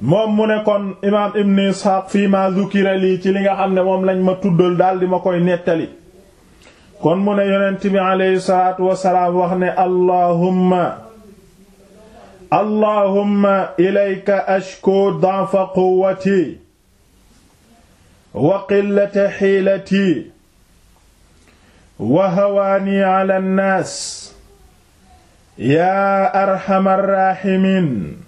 moom mu ne kon imaam ibn isxaaq fii ma lii ci li nga xam ne moom lañ ma tuddol daal di ma koy nettali kon mu ne yonent bi aleyhi wax ne allahumma allahumma ilayka ashku da'fa quwwati wa qillata hiilati wa hawaani ala nnaas yaa arhamar raahimiin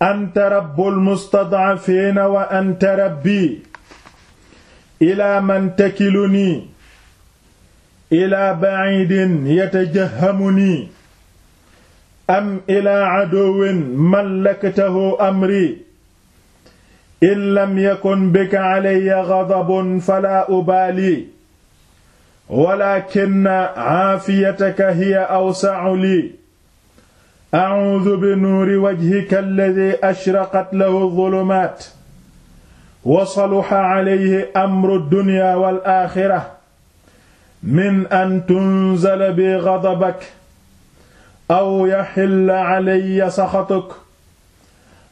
anta rabbul mustad'afiina wa anta rabbi ilaa man takilunii ilaa ba'iidin yatajahamunii am ilaa aduwwin mallaktahu amrii in lam yakun bika calayya gadabun falaa ubaalii walaakinna caafiyataka hiya awsacu lii أعوذ بنور وجهك الذي أشرقت له الظلمات وصلح عليه أمر الدنيا والآخرة من أن تنزل بي غضبك أو يحل علي سخطك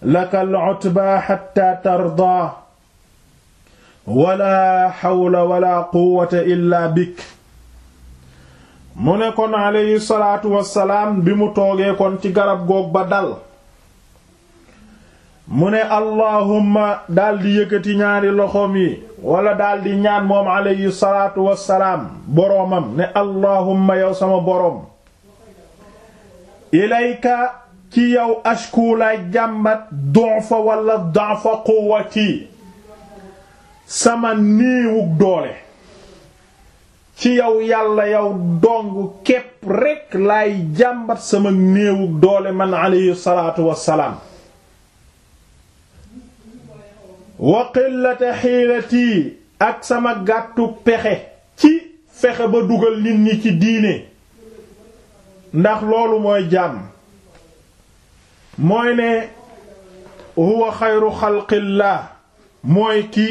لك العتبى حتى ترضى ولا حول ولا قوة إلا بك mu ne kon aleyhi salaatu wassalaam bi mu toogee kon ci garab goog ba dal mu ne allahumma daldi yëkkati ñaari loxoom yi wala daldi ñaan moom aleyhi salaatu wassalaam boroomam ne allahumma yow sama boroom ilayka ci yow ashku lay jàmbat donfa wala donfa quwwati sama niiwug doole ci yow yàlla yow dong képp rekk lay jàmbat sama néewu doole man alayhi salaatu wassalaam wa qillata ak sama gàttu pexe ci fexe ba dugal nit ñi ci diine ndax loolu mooy jàmm mooy ne huwa xayru xalqillah mooy ki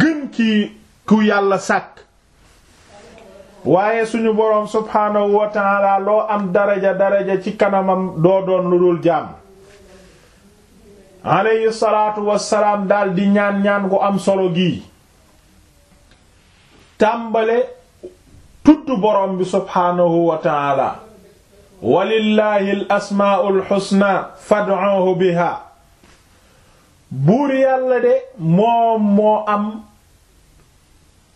gën ki ku yàlla sàkk waaye suñu boroom subhaanahu wa ta'ala loo am daraja daraja ci kanamam doo doon lu dul jaam alayhi salaatu wassalaam daal di ñaan ñaan gu am solo gi tàmbale tudd boroom bi subhaanahu wa ta'ala walillahi al asmaa'ul husna fad'uhu biha buur yàlla de moom moo am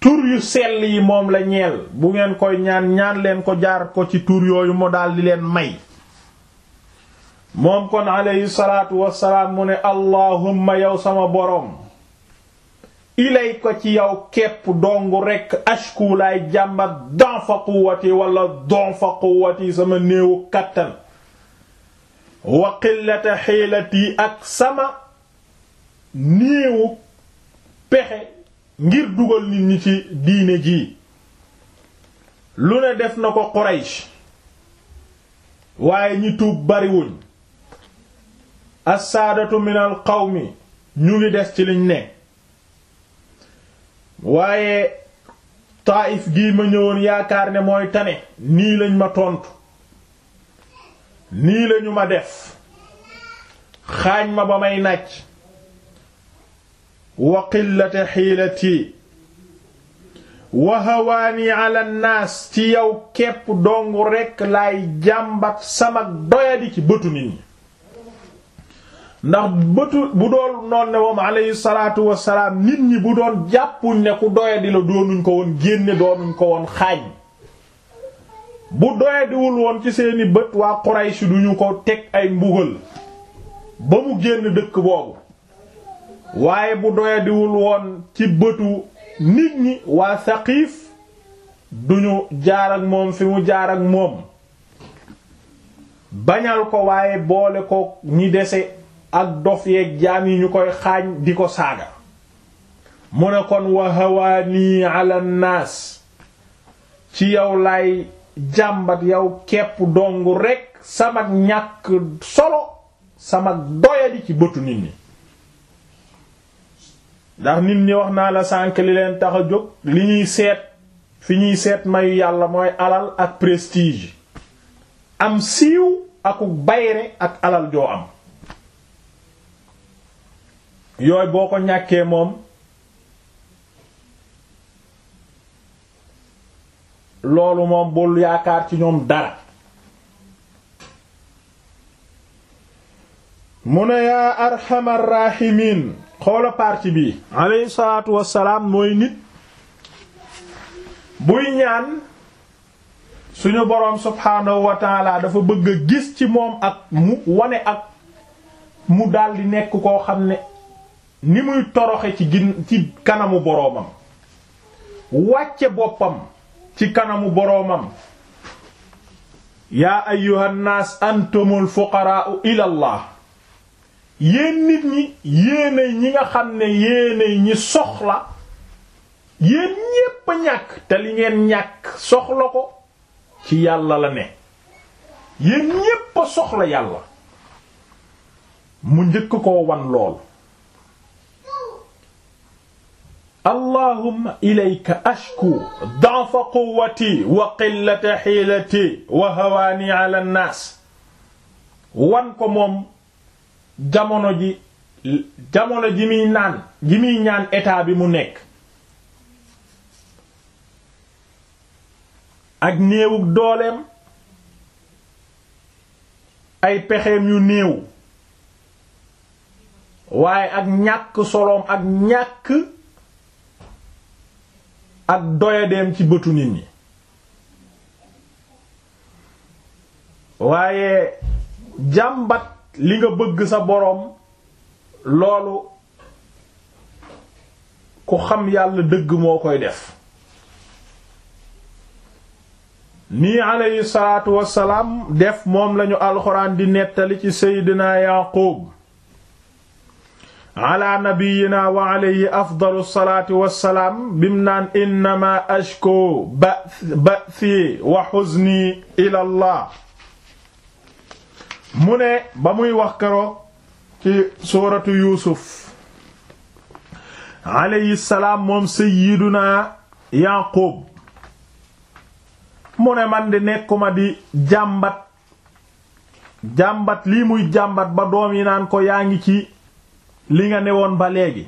tur yu sell yi moom la ñeel bu ngeen koy ñaan ñaan leen ko jaar ko ci tur yooyu mu daldi leen may moom kon aleyhi salaatu wassalaam mu ne allahumma yow sama boroom ilay ko ci yow képp dongu rekk ashku laay jàmbat don fa quwwati wala don fa quwwati sama néewu kàttan wa qillata xiilati ak sama néewu pexe ngir dugal nit ñi ci diine ji lu ne def na ko Quraysh waaye ñi tuub bariwuñ assaadatu minal qawmi ñu ngi des ci liñ ne waaye Taayif gii ma ñëwoon yaakaar ne mooy tane nii lañ ma tontu nii lañu ma def xaañ ma ba may nàcc wa qillate xiilati wa hawaani ala nnaas ci yow képp dong rekk lay jàmbat sama doyadi ci bëtu nit ñi ndax bu doon noon ne moom alayhi salaatu nit ñi bu doon jàppuñ ne ku doyadi la doonuñ ko woon génne doonuñ ko woon xaaj bu doyadiwul woon ci seeni bët waa Quraysh duñu ko teg ay mbugal ba mu génn dëkk boobu waaye bu doyadiwul woon ci bëtu nit ñi waa Saqiif duñu jaar ak moom fi mu jaar ak moom bañal ko waaye boole ko ñi dese ak dof yeeg jaam yi ñu koy xaañ di ko saaga mu ne kon wa hawaanii ala naas ci yow lay jàmbat yow kepp dong rekk sama ñàkk solo sama doyadi ci bëtu nit ñi ndax nit ñi wax naa la sànk li leen tax a jóg li ñuy seet fi ñuy seet mayu yàlla mooy alal ak prestige am siiw aku bayre ak alal joo am yooy boo ko ñàkkee moom loolu moom bul yaakaar ci ñoom dara mu ne yaa arxamar raahimiin xoola partie bii alayhi salaatu wassalaam mooy nit buy ñaan suñu boroom subhaanahu wa taala dafa bëgg a gis ci moom ak wone ak mu daldi nekk koo xam ne ni muy toroxe ci gin ci kanamu boroomam wàcce boppam ci kanamu boroomam yaa ayyuhan naas antumul fuqaraa'u ilallah yéen nit ñi yéenay ñi nga xam ne yéenay ñi soxla yéen ñépp ñàkk te li ngeen ñàkk soxla ko ci yàlla la ne yéen ñépp soxla yàlla mu njëkk ko wan lool allahumma ilayka ashku da'fa quwwati wa qillata hiilati wa hawaani ala an-naas wan ko moom jamono ji jamono ji muy naan ji muy ñaan etaa bi mu nekk ak néewug dooleem ay pexeem yu néew waaye ak ñàkk soloom ak ñàkk ak doyadeem ci bëtu nit ñi waaye jàmbat li nga bëgg sa boroom loolu ku xam yàlla dëgg moo koy def nii aleyhi salaatu wassalaam def moom lañu alxuraan di nettali ci seydinaa yaqub ala nabiyina wa alayhi afdalu salaati wassalaam bim naan innama ashko ba bathi wa xuzni ila mu ne ba muy wax keroog ci suuratu yuusuf alayhi salaam moom sayyiduna yaqub mu ne man di nekkuma di jàmbat jàmbat lii muy jàmbat ba doom yi naan ko yaa ngi ci li nga newoon ba léegi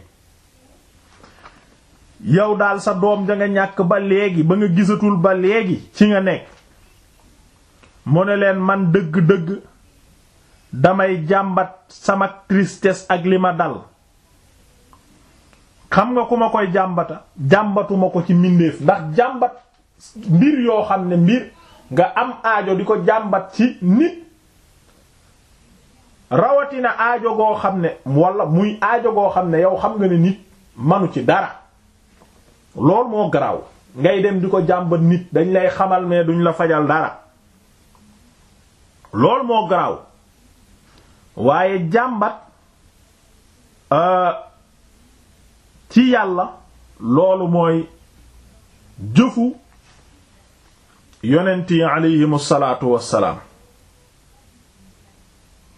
yow daal sa doom ja nga ñàkk ba léegi ba nga gisatul ba léegi ci nga nekk mu ne leen man dëgg-dëgg damay jàmbat sama tristesse ak li ma dal xam nga ku ma koy jàmbata jàmbatuma ko ci mbindeef ndax jàmbat mbir yoo xam ne mbir nga am aajo di ko jàmbat ci nit rawatina aajo goo xam ne walla muy aajo goo xam ne yow xam nga ne nit manu ci dara loolu moo garaaw ngay dem di ko jàmbat nit dañ lay xamal mais duñ la fajal dara loolu moo garaaw waaye jàmbat euh, ci yàlla loolu mooy jëfu yonent yi aleyhim salaatu wassalaam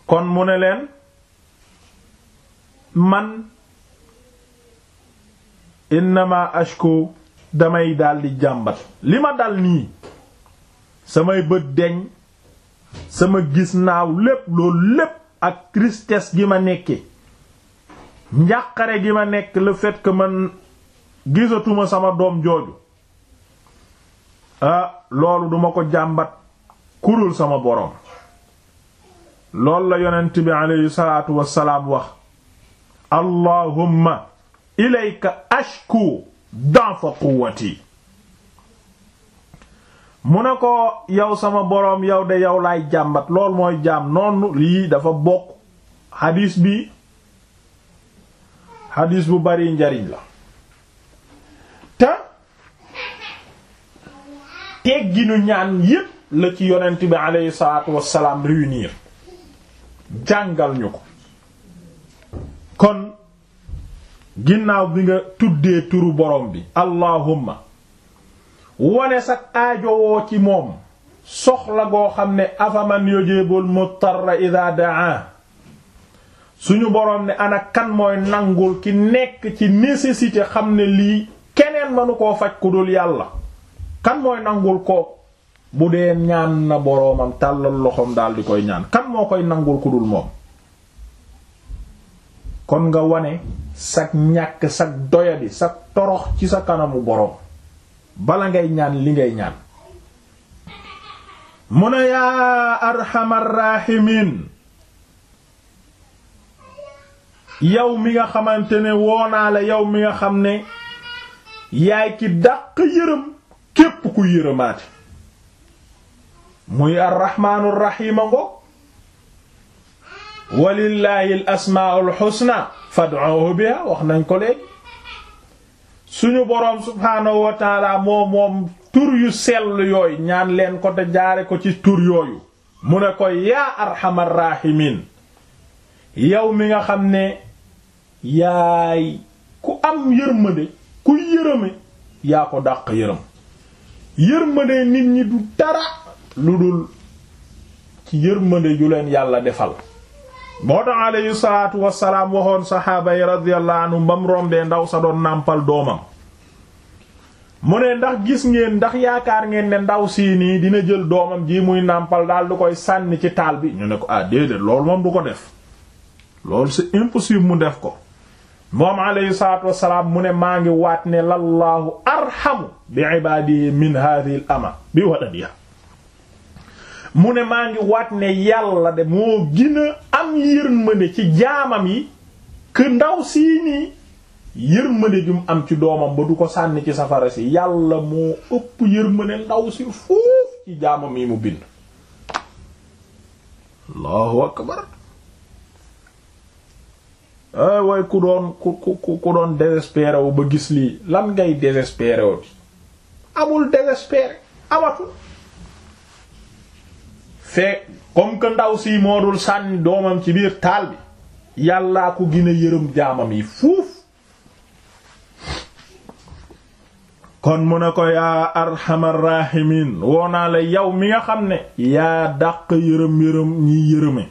kon mu ne leen man ma ashku damay daldi jàmbat li ma dal nii samay bët deñ sama gis naaw lépp loolu lépp ak tristesse gi ma nekke njàqare gi ma nekk la fait que man gisatuma sama doom jooju ah loolu duma ko jàmbat kurul sama boroom loolu la yonent bi aleyhi salaatu wassalaam wax allahumma ilayka ashku da'fa quwwati mu ne ko yow sama boroom yow de yow laay jàmbat lool mooy jaam noonu lii dafa bokk xadiis bi xadiis bu bari njariñ la te tegginu ñaan yépp la ci yonent bi aleyhi salaatu wassalaam réunir jàngal ñu ko kon ginnaaw bi nga tuddee turu boroom bi allahumma wane sa aajowoo ci moom soxla goo xam ne afaman yojebul muttarra ida daa suñu boroom ne ana kan mooy nangul ki nekk ci nécessité xam ne lii keneen manu koo faj ku dul yàlla kan mooy nangul ko bu dee ñaan na boroomam tàllal loxoom daal di koy ñaan kan moo koy nangul ku dul moom kon nga wane sag ñàkk sag doyadi sag torox ci sa kanamu borom bala ngay ñaan li ngay ñaan mu ne yaa arhamar raahimiin yow mi nga xamante ne woonaa la yow mi nga xam ne yaay ki dàq yërëm képp ku yërëmaate muy arrahmaanur rahiim a walillaahi al asmaa'ul husna wax nañ ko léegi suñu boroom subhaanahu wa taala moom tur yu sell yooyu ñaan leen ko te jaare ko ci tur yooyu mu ne ko yaa arhamar raahimiin yow mi nga xam ne yaay ku am yërmande ku yërëme yaa ko dàq yërëm yërmande nit ñi du dara lu dul ci yërmande ju leen yàlla defal moo tax alayhi salaatu wasalaam waxoon saxaaba yi radiyallahu anhum ba ndaw sa doon nàmpal doomam mu ne ndax gis ngeen ndax yaakaar ngeen ne ndaw sii nii dina jël doomam ji muy nàmpal daal du koy sànni ci taal bi ñu ne ko ah déedéet moom du ko def loolu c'est impossible mu def ko moom alayhi salaatu wasalaam mu ne maa ngi waat ne lallaahu arhamu bi ibaadihi min haadihil ama bi waladiha mu ne maa ngi waat ne yàlla de moo gën a am yërmande ci jaamam yi kë ndaw sii nii yërmande ju mu am ci doomam ba du ko sànni ci safara si yàlla moo ëpp yërmande ndaw si foof ci jaamam yi mu bind allahu akbar ay way ku doon ku ku ku doon désespéré ba gis lii lan ngay désespéré wu amul désespéré amatul fee comme ndaw si moo dul sànni doomam ci biir taal bi yàllaa ko gën a yërëm jaamam yi fuuf kon mu ko yaa arhamar rahimin woo la yow mi nga xam ne yaa dàq yërëm yërëm ñiy yërëme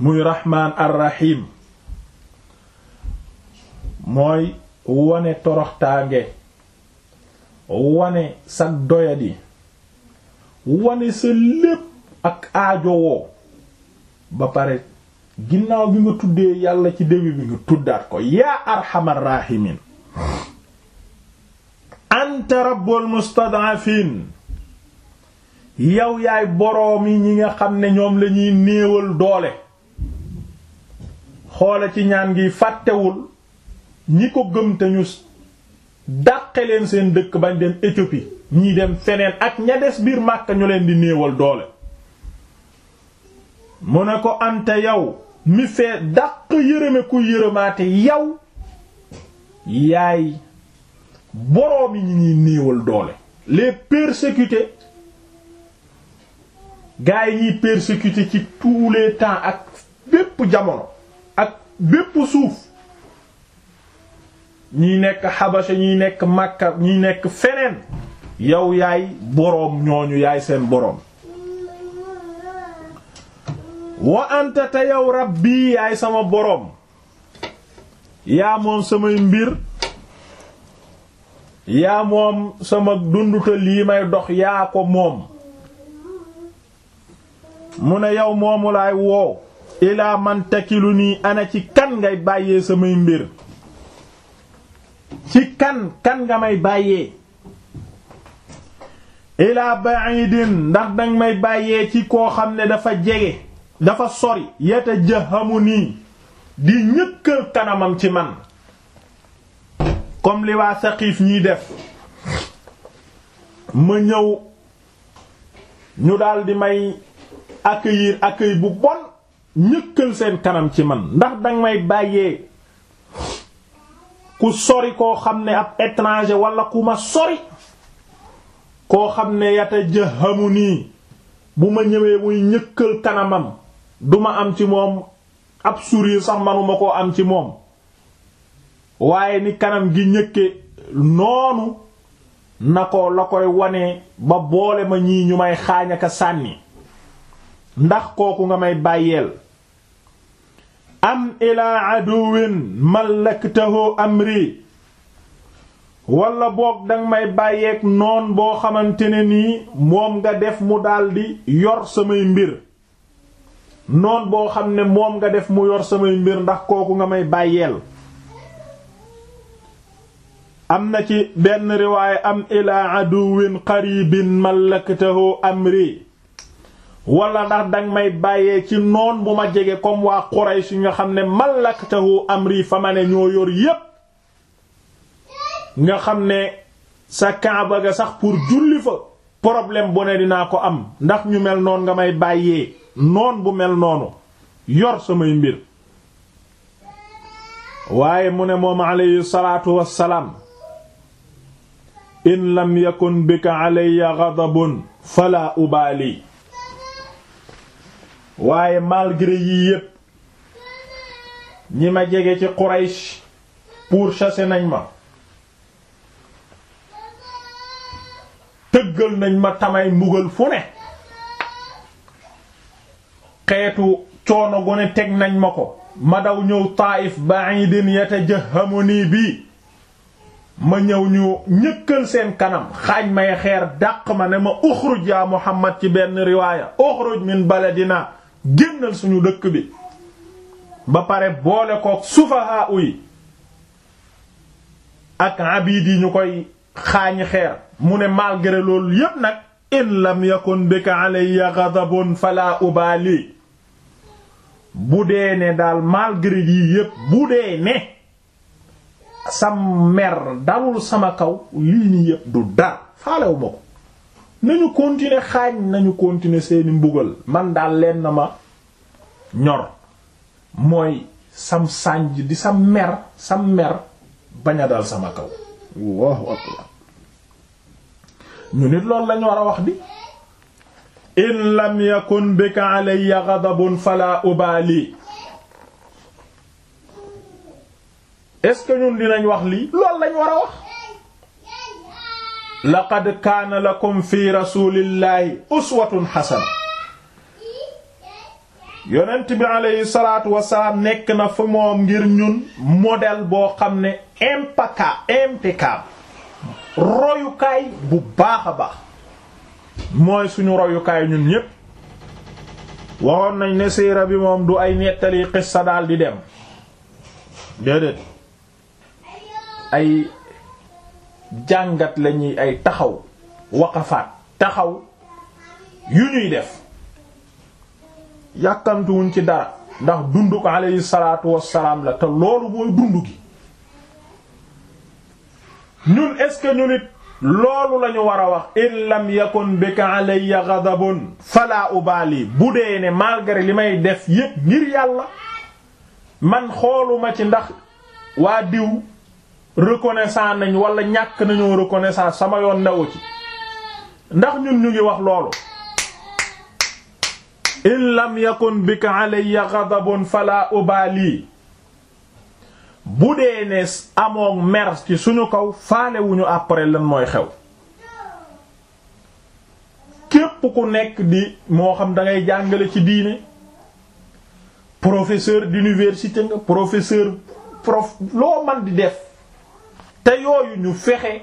muy rahmaan arrahim mooy wane toroxtaange wane sag doyadi wane sa lépp ak aajowoo ba pare ginnaaw bi nga tuddee yàlla ci début bi nga tuddaat ko yaa arhamar rahimin anta rabbul mustad'afin yow yaay boroom yi ñi nga xam ne ñoom lañuy ñuy néewal doole xoole ci ñaan gi fàttewul ñi ko gëm te ñu dàqe leen seen dëkk bañ dem Éthiopie ñii dem feneen ak ña des biir Makka ñu leen di néewal doole mu ne ko anta yow mi fee dàq yërëme ku yërëmaate yow yaay boroomi ñi ñuy néewal doole les persécutés gaa yi ñuy ci tous les temps ak bépp jamono ak bépp suuf ñiy nekk xabasa ñiy nekk Makka ñiy nekk feneen yow yaay boroom ñooñu yaay seen boroom wa anta te yow rabbi yaay sama boroom yaa moom samay mbir yaa moom sama dunduta lii may dox yaa ko moom mu ne yow moomu laay woow ilaa man takilu nii ana ci kan ngay bàyyee samay mbir ci kan kan nga may bàyyee ilaa ba'idin ndax danga may bàyyee ci koo xam ne dafa jege dafa sori yatajahamu nii di ñëkkal kanamam ci man comme li waa saqiif ñiy def ma ñëw ñu daldi may accueillir accueil bu bon ñëkkal seen kanam ci man ndax danga may bàyyee ku sori koo xam ne ab étranger walla ku ma sori koo xam ne yata yatajahamu nii bu ma ñëwee muy ñëkkal kanamam duma am ci moom ab sourire sax manuma koo am ci moom waaye ni kanam gi ñëkke noonu na ko la koy wane ba boole ma ñii ñu may xaañaka sànni ndax kooku nga may bàyyeel am ilaa aduwin malaktahu amri walla boog danga may bàyyeek noon boo xamante ne nii moom nga def mu daldi yor samay mbir noon boo xam ne moom nga def mu yor samay mbir ndax kooku nga may bàyyeel am na ci benn riwaaya am ilaa aduwin qaribin malaktahu amri wala ndax danga may bàyyee ci noon bu ma jege comme waa Quraysh nga xam ne malaktahu amri fa ma ne ñoo yor yépp nga xam ne sa kaaba ga sax pour julli fa problème bu ne dinaa ko am ndax ñu mel noon nga may bàyyee noon bu mel noonu yor samay mbir waaye mu ne moom alayhi salaatu wassalaam in lam yakun bika alayya ghadabun fala ubaali waaye malgré yii yépp ñi ma jege ci Quraysh pour chasser nañ ma tëggal nañ ma tamay mbugal fu ne xeetu coono gu ne teg nañ ma ko ma daw ñëw Taayif ba'idin yatajahamuni bii ma ñëw ñu ñëkkal seen kanam xaañ may xeer dàq ma ne ma uxruj yaa Muhammad ci benn riwaaya uxruj min baladina génnal suñu dëkk bi ba pare boole kook sufahaa yi ak abid yi ñu koy xaañi xeer mu ne malgré loolu yépp nag in lam yakun bika alayya ghadabun fala ubali bu dee ne daal malgré yii yépp bu dee ne sam mer dalul sama kaw lii nii yépp du dara faalewu ko nañu continuer xaañ nañu continuer seeni mbugal man daal leen na ma ñor mooy sam sànj di sam mer sam mer bañ a dal sama kaw waaw ñu nit loolu lañu war wax di in lam yakun bika alayya ghadabun fala ubali est-ce que ñun dinañ wax lii loolu lañ war a wax laqad kaana lakum fi rasulillahi uswatun hasana yonent bi aleyhi salaatu wasalaam nekk na fa moom ngir ñun modèle boo xam ne impaka impeccable royukaay bu baax a baax mooy suñu royukaay ñun ñépp waxoon nañ ne siira bi moom du ay nettali xissa daal di dem déedéet ay jàngat lañuy ay taxaw waqafaat taxaw yu ñuy def yàkkantuwuñ ci dara ndax dund ko alayhi la te loolu mooy dund gi ñun est-ce que loolu lañu war a wax in lam yakun bika alayya ghadabun fala ubali bu dee ne malgré li may def yépp ngir yàlla man xooluma ci ndax waa diw reconnaissant nañ wala ñàkk nañoo reconnaissant sama yoon newu ci ndax ñun ñu ngi wax loolu in lam yakun bika alayya ghadabun fala ubali bu dee nees amoon mer ci suñu kaw faalewuñu après lan mooy xew képp ku nekk di moo xam da ngay jàngale ci diine professeur d'université nga professeur prof loo man di def te yooyu ñu fexe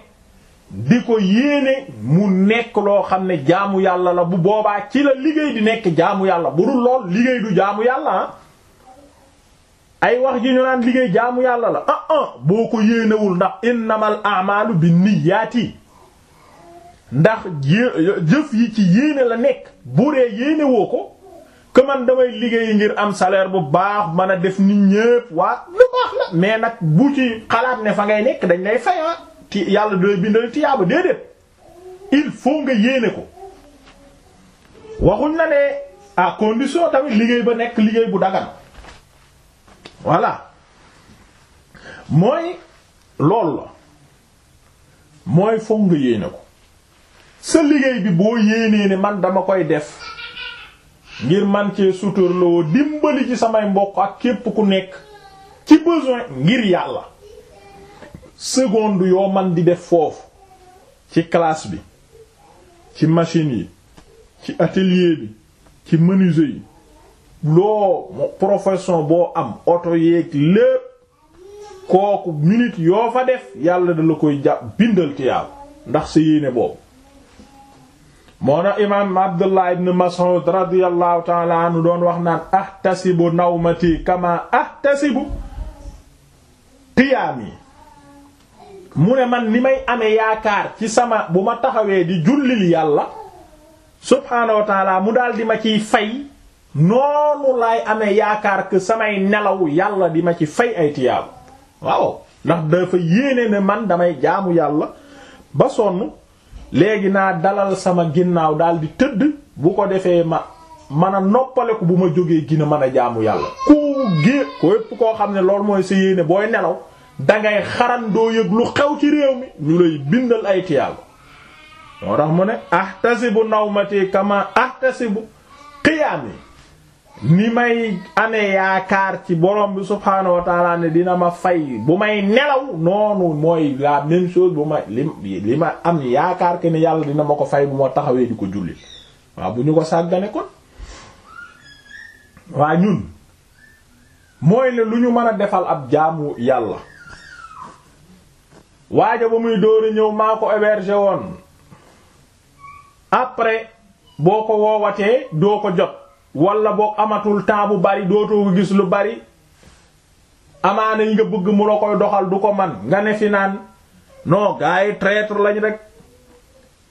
di ko yéene mu nekk loo xam ne jaamu yàlla la bu boobaa ci la liggéey di nekk jaamu yàlla bu dul lool liggéey du jaamu yàlla ah ay wax ji ñu naan liggéey jaamu yàlla la ah ah boo ko yéenewul ndax bi a'malu binniyati ndax jëf yi ci yéene la nekk bu dee yéene ko que man damay liggéey ngir am saleer bu baax mën a def nit ñépp waa lu baax la mais nag bu ci xalaat ne fa ngay nekk dañ lay fayaa ah. ti yàlla doy bindal tiyaaba déedéet il faut nga yéene ko waxuñ na ne à condition tamit liggéey ba nekk liggéey bu dagan voilà mooy loolu la mooy foog nga ko sa liggéey bi boo yéenee ne man dama koy def ngir man cee suturloo dimbali ci samay mbokk ak képp ku nekk ci besoin ngir yàlla seconde yoo man di def foofu ci classe bi ci machine yi ci atelier bi ci menuisier yi loo profession boo am oto yeeg lépp kooku minute yoo fa def yàlla da la koy jàpp bindal ki yàlla ndax sa yéene boobu moo na imaam abdullah ibn mas'ud radiyallahu ta'ala doon wax naan ahtasibu nawmati kama ahtasibu qiyaami mu ne man ni may amee yaakaar ci sama bu ma taxawee di jullil yàlla subhaanahu wa mu daal di ma ciy fay noonu laay amee yaakaar que samay nelaw yàlla di ma ci fay ay tiyaabu waaw ndax dafa yéene ne man damay jaamu yàlla ba sonn léegi naa dalal sama ginnaaw daal di tëdd bu ko defee ma man a noppaleku bu ma jógee gina mën a jaamu yàlla ku gé ko yépp koo xam ne loolu mooy sa yéene booy nelaw dangay xaran doo yëg lu xew ci réew mi ñu lay bindal ay tiyaabu moo tax mu ne ahtasibu nawmati kama ahtasibu qiyaami ni may amee yaakaar ci borom bi subhaanahu wa ne dina ma fay bu may nelaw noonu mooy la même bu ma li ma am yaakaar ke ne yàlla dina ma ko fay bu ma taxawee di ko julli waaw bu ñu ko sàggane kon waa ñun mooy ne lu ñu mën a defal ab jaamu yàlla waaja ba muy dóori ñëw maa ko hébergé woon après boo ko woowatee doo ko jot wala boo amatul temps bu bari dootoo ko gis lu bari amaana yi nga bëgg mu la koy doxal du ko man nga ne fi naan non gars yi traître lañ rek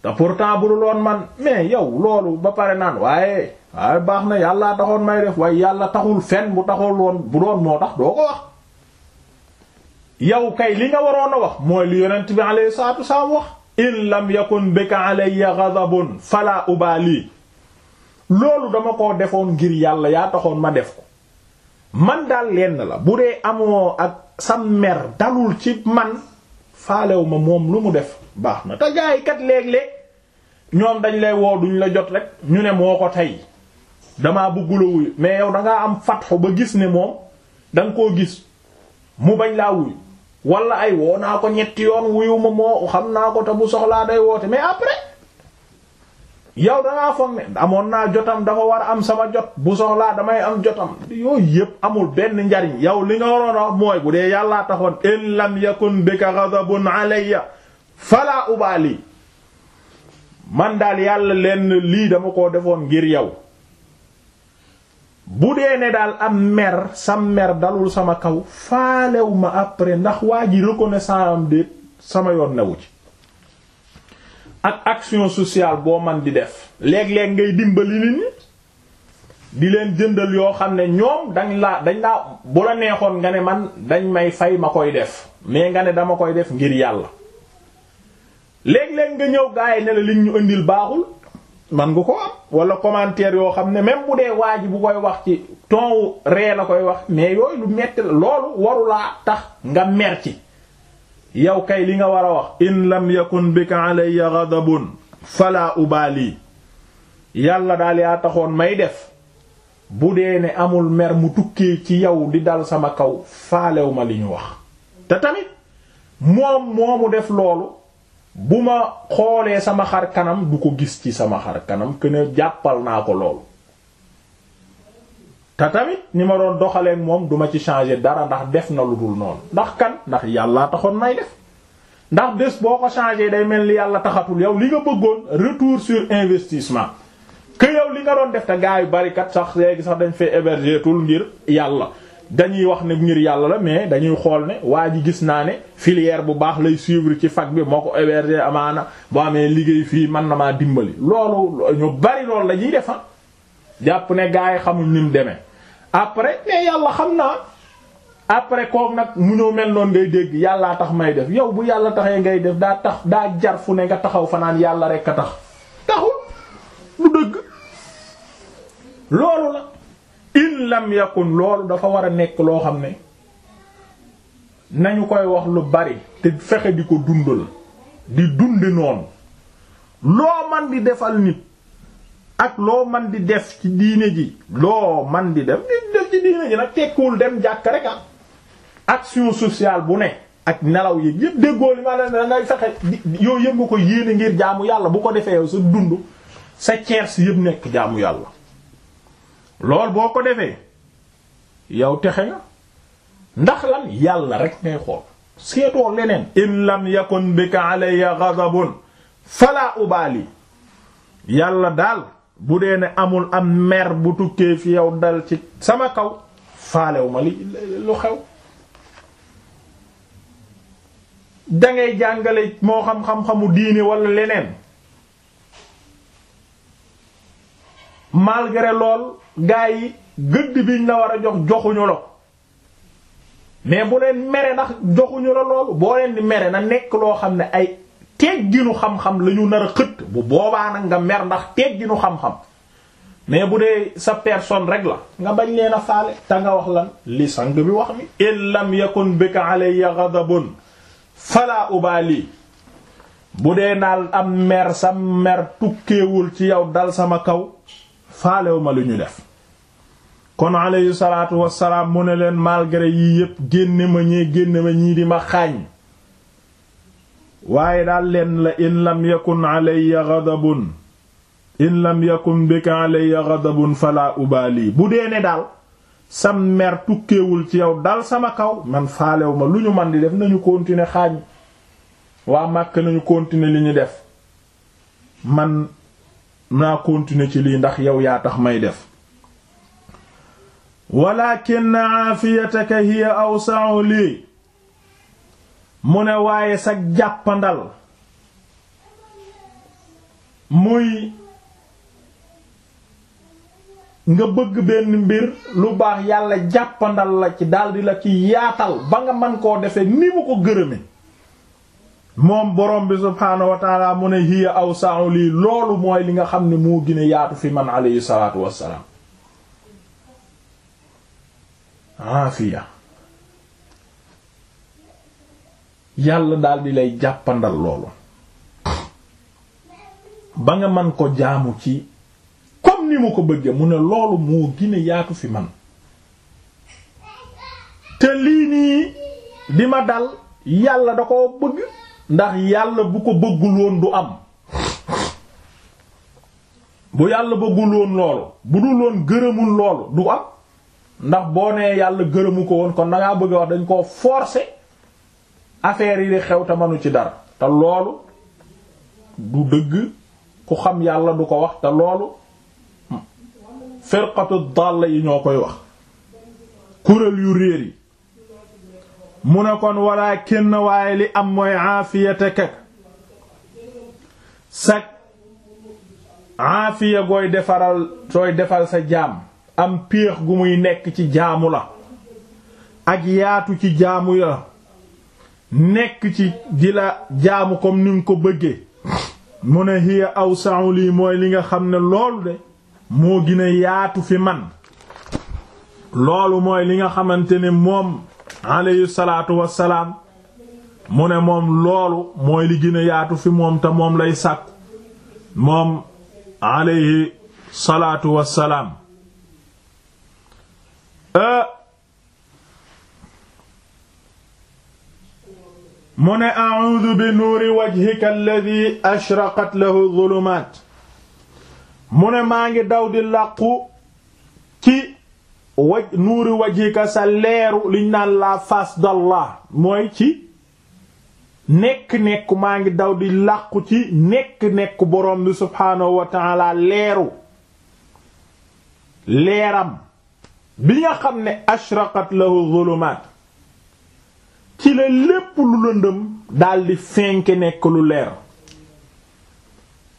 te pourtant bu dul woon man mais yow loolu ba pare naan waaye waaye baax na yàlla taxoon may def waaye yàlla taxul fen bu taxul woon bu doon moo tax doo ko wax yow kay li nga waroon a wax mooy li yonent bi alayhi salaatu wassalaam wax in lam yakun bika alayya ghadabun fala ubali loolu dama koo defoon ngir yàlla yaa taxoon ma def ko man daal lenn la bu dee amoo ak sa mer dalul ci man faalew ma moom lu mu def baax na te gars yi ñoom dañ lay woo duñ la jot rek ñu ne moo ko tey damaa bëggula wuyu mais yow dangaa am fatxu ba gis ne moom danga koo gis mu bañ laa wuyu wala ay woo naa ko ñetti yoon wuyu ma moo xam naa ko te mu soxlaa day woote mais après yow dangaa foog ne amoon naa jotam dafa war a am sama jot bu soxlaa damay am jotam yooyu yëpp amul benn njariñ yow li nga waroon a wax mooy bu dee yàllaa taxoon in lam yakun bika ghadabun alayya fala ubali man daal yàlla leen lii dama ko defoon ngir yow bu dee ne daal am mer sam mer dalul sama kaw faalew ma après ndax waa ji reconnaissant am déet sama yoon newu ci ak action sociale boo man di def léeg-léeg ngay dimbali nit ñi di leen jëndal yoo xam ne ñoom dañ laa dañ laa bu la neexoon nga ne man dañ may fay ma koy def mais nga ne dama koy def ngir yàlla léeg-léeg nga ñëw gaay ne la liñ ñu indil baaxul man nga ko am wala commentaire yoo xam ne même bu dee waa ji bu koy wax ci ton ree la koy wax mais yooyu lu metti la loolu warulaa tax nga mer ci yow kay li nga war a wax in lam yakun bika alayya ghadabun fala ubaali yàlla daal yaa taxoon may def bu dee ne amul mer mu tukkee ci yow di dal sama kaw faalew ma li ñu wax te tamit moom moomu def loolu bu ma xoolee sama xar kanam du ko gis ci sama xar kanam que jàppal naa ko loolu te tamit ni ma doon doxaleen moom duma ci changer dara ndax def na lu dul noonu ndax kan ndax yàllaa taxoon may def ndax des boo ko changer day mel ni yàlla taxatul yow li nga bëggoon retour sur investissement que yow li nga doon def te gaa yu bari kat sax léegi sax dañ fee héberger tul ngir yàlla dañuy wax ne ngir yàlla la mais dañuy xool ne waa ji gis naa ne filière bu baax lay suivre ci fac bi moo ko héberger amaana boo amee liggéey fii mën na maa dimbali loolu bari loolu la ñuy defa ah. jàpp ne gaa yi xamuñ ni demee après mais yàlla xam naa après koom nag mu ñëw mel noon ngay dégg yàlla tax may def yow bu yàlla taxee ngay def daa tax daa jar fu ne nga taxaw fanaan yàlla rekk a tax taxul lu dëgg loolu la in lam yakun loolu dafa war a nekk loo xam ne nañu koy wax lu bari te fexe di ko dundal di dundi noonu loo man di defal nit ak loo man di def ci diine ji loo man di def di def ci diine ji nag tekkiwul dem jàkk rek ah action sociale bu ne ak nelaw yi yëpp déggoo li ma la da ngay yëpp nga ko yéene ngir jaamu yàlla bu ko defee yow sa sa tiers yëpp nekk jaamu yàlla lool boo ko defee yow texe nga ndax lan yàlla rek ngay xool seetoo leneen in lam yakun bika alayya ghadabun fala ubali yàlla daal bu dee ne amul am mer bu tukkee fi yow dal ci sama kaw faalew ma lu xew dangay jàngale moo xam xam-xamu diine wala leneen malgré lool gaa yi gëdd biñ la war a jox joxuñu la mais bu leen mere ndax joxuñu la loolu boo leen di mere na nekk loo xam ne ay tegginu xam-xam la nar a xëtt bu boobaa nag nga mer ndax tegginu xam-xam mais bu dee sa personne rek la nga bañ leen a faale te nga wax lan li sang bi wax mi in lam yakun bika alayya ghadabun fala ubali bu dee naal am mer sa mer tukkeewul ci yow dal sama kaw faalewu ma lu ñu def kon alayhi salaatu wassalaam mu ne leen malgré yii yépp génne ma ñee génne ma ñii di ma xaañ waaye daal leen la in lam yakun alayya ghadabun in lam yakun bika alayya ghadabun fala ubaali bu dee ne daal sam mer tukkewul ci yow dal sama kaw man faalew ma lu ñu man di def nañu continuer xaaj waa màkk nañu continuer li ñu def man naa continuer ci lii ndax yow yaa tax may def walakin aafiyataka hiya awsa'u lii mu ne waaye sa jàppandal muy nga bëgg benn mbir lu baax yàlla jàppandal la ci daldi la ci yaatal ba nga man koo defee ni mu ko gërëme moom borom bi subhaanahu mu ne hiya awsa'u lii loolu mooy li nga xam ne mu gën yaatu fi man alayhi salaatu wassalaam yàlla daal di lay jàppandal loolu ba nga man ko jaamu ci comme ni mu ko bëggee mu ne loolu moo gine yaatu fi man te lii nii di ma dal yàlla da koo bëgg ndax yàlla bu ko bëggul woon du am bu yàlla bëggul woon loolu bu dul woon gërëmul loolu du am ndax boo nee yàlla gërëmu ko woon kon dangaa bëgg wax dañ koo forcer affaire yi di xew te manu ci dara te loolu du dëgg ku xam yàlla du ko wax te loolu firqatu dàll yi ñoo koy wax kuréel yu réer yi mu ne kon walla kenn waaye li am mooy aafiyate kek sag aafiya gooy defaral sooy defal sa jaam am péex gu muy nekk ci jaamu la ak yaatu ci jaamu ya nekk ci dila la jaamu comme ni ko bëggee mu ne hiya awsa'u lii mooy li nga xam ne loolu de moo gën yaatu fi man loolu mooy li nga xamante ne moom alayhi salaatu wassalaam mu ne moom loolu mooy li gën yaatu fi moom te moom lay sàkku moom alayhi salaatu wassalaam euh mu ne a'uudu bi nuuri wajhika alladhi ashraqat lahu dhulumaat mu ne maa ngi daw di làqu ci nuur nuuri wajhika sa leeru liñ naan la face mooy ci nekk-nekk maa ngi daw ci nekk-nekk boroom bi subhaanahu leeru leeram bi nga xam ne ashraqat lahu dhulumaat ci la lépp lu lëndëm daldi fenke nekk lu leer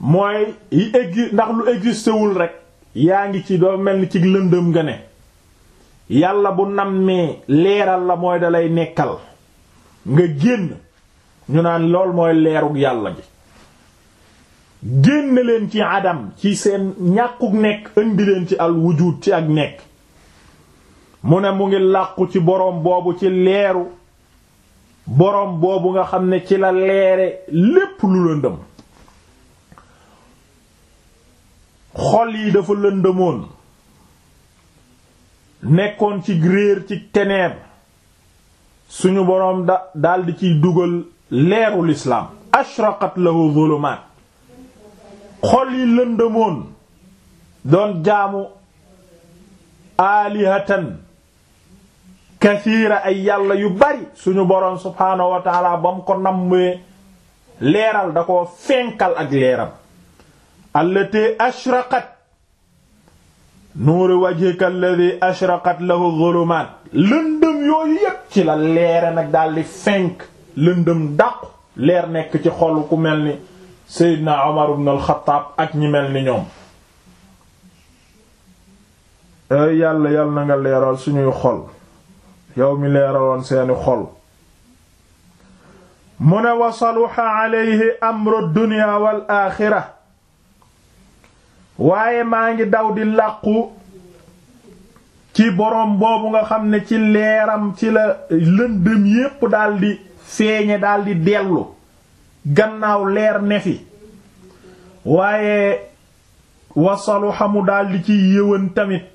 mooy yi exi ndax lu existewul rek yaa ngi ci doo mel ni ci lëndëm nga ne yàlla bu nammee leeral la mooy dalay nekkal nga génn ñu naan lool mooy leerug yàlla gi génn ci adam ci seen ñàkkug nekk indi ci al wujud ci ak nekk mu ne mu ngi làqu ci boroom boobu ci leeru boroom boobu nga xam ne ci la leere lépp lu lëndëm xol yi dafa lëndëmoon nekkoon ci réer ci ténèbres suñu boroom da daldi ciy dugal leeru lislaam ashraqat lahu zulumaat xol yi lëndëmoon doon jaamu aalihatan kasiira ay yàlla yu bari suñu boroom subhaanahu wa taala ba mu ko nammee leeral da koo fenkal ak leeram allati ashraqat nuuru wajhika alladhi ashraqat lahu dhulumat lëndëm yooyu yépp ci la leere nag daldi fenk lëndëm dàqu leer nekk ci xolu ku mel ni Seydina Omar ibn al ak ñi mel ni ñoom yàlla yàlla na nga leeral suñuy xol yow mi leeraloon seeni xol mu ne wa saluha alayhi amru dunya aaxira waaye maa ngi daw di làqu ci boroom boobu nga xam ne ci leeram ci la lëndëm yépp daldi feeñe daldi dellu gannaaw leer ne fi waaye wa saluha daldi ci yëwan tamit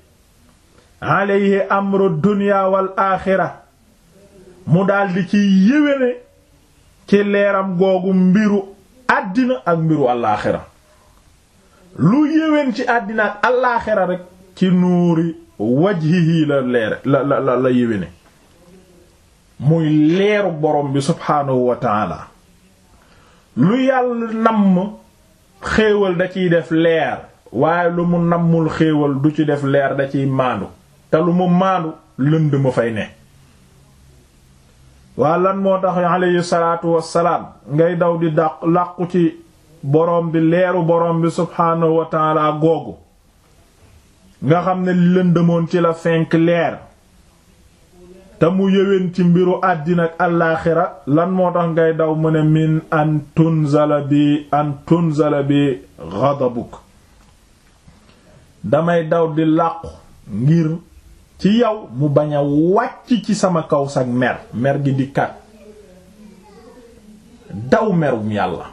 alayhi amru dunya wal aaxira mu daldi ci yéwéne ci leeram googu mbiru àddina ak mbiru alaaxira lu yéwén ci àddina ak alaaxira rek ci nuuri wajhihi la leer la la la yéwéne muy leeru borom bi subhaanahu wa taala lu yàlla namm xéewal da ciy def leer waaye lu mu nammul xéewal du ci def leer da ciy maandu te lu mu maandu lënd ma fay ne waa lan moo tax alayhi ngay daw di dàq làqu ci borom bi leeru borom bi subhaanahu wa taala googu nga xam ne li lëndëmoon ci la fenk leer te mu yëwén ci mbiru àddina ak lan moo tax ngay daw mu ne min an bi an tunzala bi ghadabuk damay daw di làqu ngir ci yow mu bañ a wàcc ci sama kaw sag mer mer gi di kat daw merum yàlla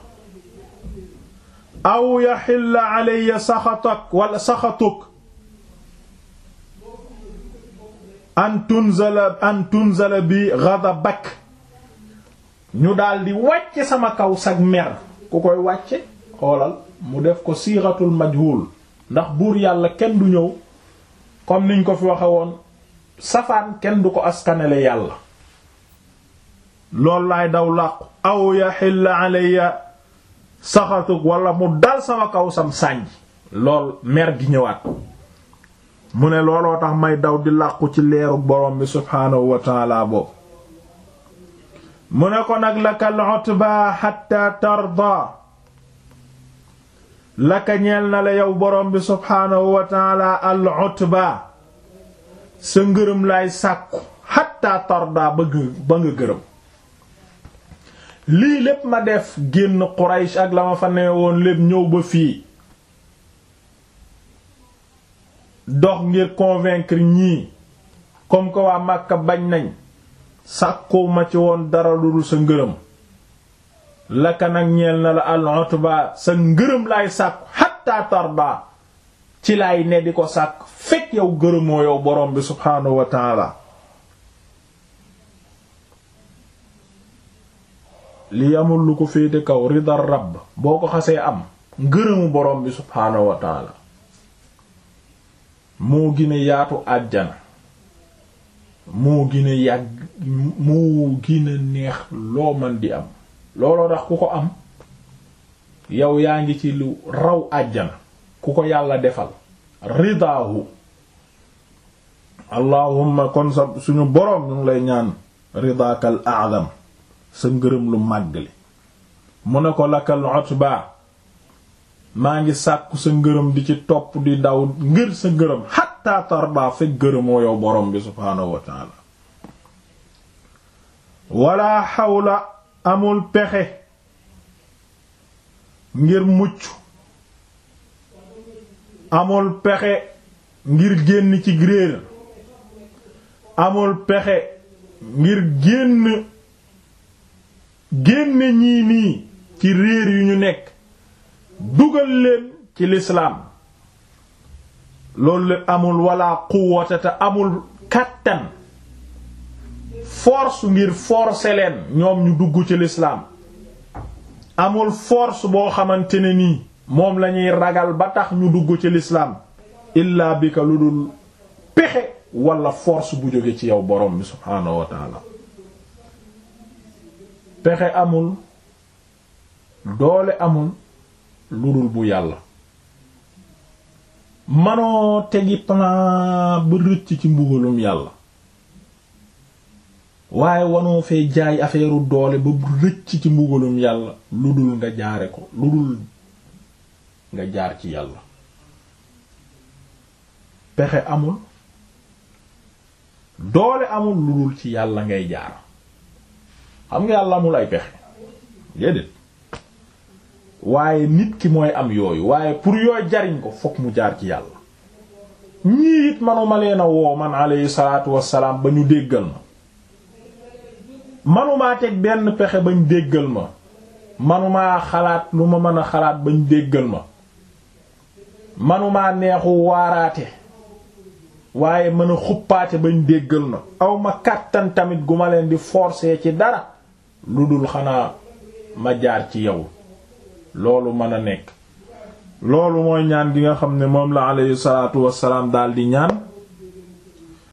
aw yaxilla alayya saxatak wala saxatuk an tunzala an tunzala bi ghadabak ñu daldi wàcce sama kaw sag mer ku koy wàcce xoolal mu def ko siixatul majhul ndax buur yàlla kenn du ñëw comme niñ ko fi waxe woon safaan kenn du ko askanele yàlla loolu laay daw làqu aw yaxilla ya saxatuk wala mu dal sama kaw sam sànj lool mer gi ñëwaat mu ne looloo tax may daw di làqu ci leeru borom bi subhaanahu wa taala boobu mu ne ko nag lakal utba hatta tarda laka ñeel na la yow borom bi subhaanahu wa taala al sa ngërëm lay sàkku xatta tarda ba nga gërëm lii lépp ma def génn Quraysh ak la ma fa nee woon lépp ñëw ba fii dox ngir convaincre ñii comme que waa Makka bañ nañ sàkkoo ma ci woon dara lu dul sa ngërëm lakka nag ñeel na la al-utba sa ngërëm laay sàkku hatta tarda ci lay ne di ko sàkk fekk yow gërëmoo yow borom bi subhaanahu wa taala li amul lu ko féete kaw ridal rabb boo ko xasee am ngërëmu borom bi subhaanahu wa taala moo gine yaatu àjjana moo gine yàgg moo gine neex loo man di am looloo tax ku ko am yow yaa ngi ci lu raw àjjana ku ko yàlla defal ridaahu allahumma kon sa suñu boroom ñu ngi lay ñaan ridaakal a'zam sa ngërëm lu màgg li mu ne ko lakal utba maa ngi sàkku sa ngërëm di ci topp di daw ngir sa ngërëm hatta tarda fekk ngërëmoo yow boroom bi subhaanahu wa ta'ala wala amul pexe ngir mucc amul pexe ngir génn ci gréer amul pexe ngir génn génn ñii ci réer yu ñu nekk dugal leen ci lislaam loolu amul wala quwwata te amul kàttan force ngir forcer leen ñoom ñu dugg ci lislaam amul force boo xamante ne nii moom lañuy ragal ba tax ñu dugg ci lislaam illaa bi ka lu dul pexe wala force bu jóge ci yow boroom bi subhaanahu wa pexe amul doole amul lu dul bu yàlla manoo tegi plan ba rëcc ci mbugalum yàlla waaye wanoo fee jaay affaire doole ba rëcc ci mbugalum yàlla lu dul nga jaare ko lu dul nga jaar ci yàlla pexe amul doole amul lu dul ci yàlla ngay jaar xam nga yàlla amul ay pexe déedéet waaye nit ki mooy am yooyu waaye pour yooy jariñ ko fokk mu jaar ci yàlla ñii it manuma leen a woo man alayhi salaatu wassalaam ba ñu déggal ma manumaa teg benn pexe bañ déggal ma manumaa xalaat lu ma mën a xalaat bañ déggal ma manumaa neexu waaraate waaye mën a xuppaate bañ déggal ma awma kàttan tamit gu ma leen di forcer ci dara lu dul xanaa ma jaar ci yow loolu mën a nekk loolu mooy ñaan gi nga xam ne moom la alayhi salaatu wassalaam daldi ñaan